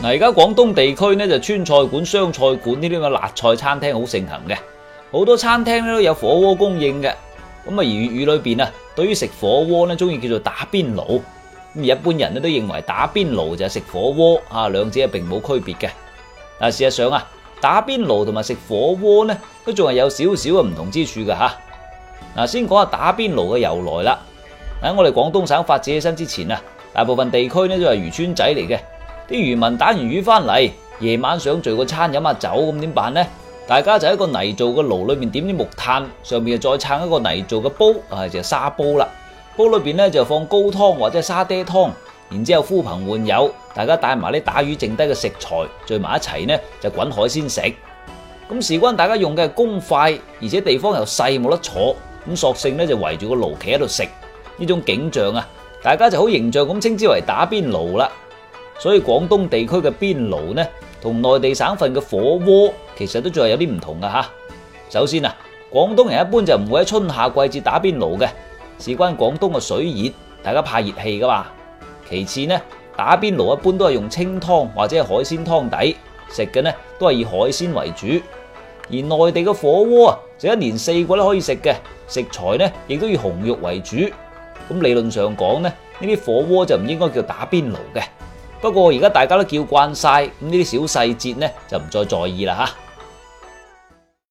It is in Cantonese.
嗱，而家廣東地區咧就川菜館、湘菜館呢啲咁嘅辣菜餐廳好盛行嘅，好多餐廳咧都有火鍋供應嘅。咁啊，粵語裏邊啊，對於食火鍋咧，中意叫做打邊爐。咁而一般人咧都認為打邊爐就係食火鍋啊，兩者啊並冇區別嘅。但事實上啊，打邊爐同埋食火鍋咧，都仲係有少少嘅唔同之處嘅吓。嗱，先講下打邊爐嘅由來啦。喺我哋廣東省發展起身之前啊，大部分地區咧都係漁村仔嚟嘅。啲漁民打完魚翻嚟，夜晚想聚個餐飲下酒，咁點辦呢？大家就喺個泥做嘅爐裏面點啲木炭，上面就再撐一個泥做嘅煲，啊就係、沙煲啦。煲裏邊呢就放高湯或者沙爹湯，然之後呼朋喚友，大家帶埋啲打魚剩低嘅食材，聚埋一齊呢就滾海鮮食。咁事關大家用嘅係公筷，而且地方又細，冇得坐，咁索性呢就圍住個爐企喺度食。呢種景象啊，大家就好形象咁稱之為打邊爐啦。所以廣東地區嘅邊爐呢，同內地省份嘅火鍋其實都仲係有啲唔同㗎。首先啊，廣東人一般就唔會喺春夏季節打邊爐嘅，事關廣東嘅水熱，大家怕熱氣㗎嘛。其次呢，打邊爐一般都係用清湯或者係海鮮湯底食嘅，呢都係以海鮮為主。而內地嘅火鍋啊，就一年四季都可以食嘅，食材呢亦都以紅肉為主。咁理論上講呢，呢啲火鍋就唔應該叫打邊爐嘅。不過而家大家都叫慣晒，咁呢啲小細節呢就唔再在意喇。